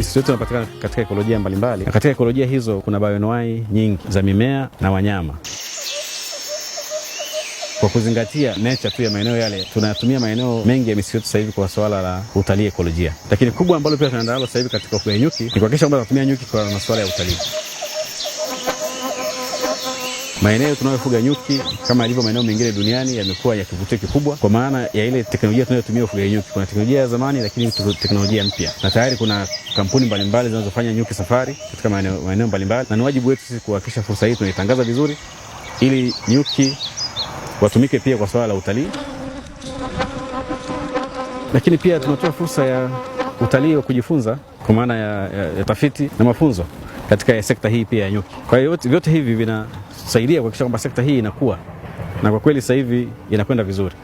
misitu yetu inapatikana katika ekolojia mbalimbali. na Katika ekolojia hizo kuna bayoanuai nyingi za mimea na wanyama. Kwa kuzingatia nature tu ya maeneo yale, tunatumia maeneo mengi ya misitu yetu sasa hivi kwa swala la utalii ekolojia. Lakini kubwa ambalo pia tunaenda nalo sasa hivi katika ufugaji nyuki ni kuhakikisha kwamba tunatumia nyuki kwa masuala ya utalii. Maeneo tunayofuga nyuki kama ilivyo maeneo mengine duniani yamekuwa ya kivutio kikubwa kwa maana ya ile teknolojia tunayotumia kufuga nyuki. Kuna teknolojia ya zamani, lakini teknolojia mpya, na tayari kuna kampuni mbalimbali zinazofanya nyuki safari katika maeneo mbalimbali, na ni wajibu wetu sisi kuhakikisha fursa hii tunaitangaza vizuri, ili nyuki watumike pia kwa swala la utalii, lakini pia tunatoa fursa ya utalii wa kujifunza kwa maana ya, ya, ya tafiti na mafunzo katika sekta hii pia ya nyuki. Kwa hiyo vyote hivi vinasaidia kuhakikisha kwamba sekta hii inakuwa na kwa kweli sasa hivi inakwenda vizuri.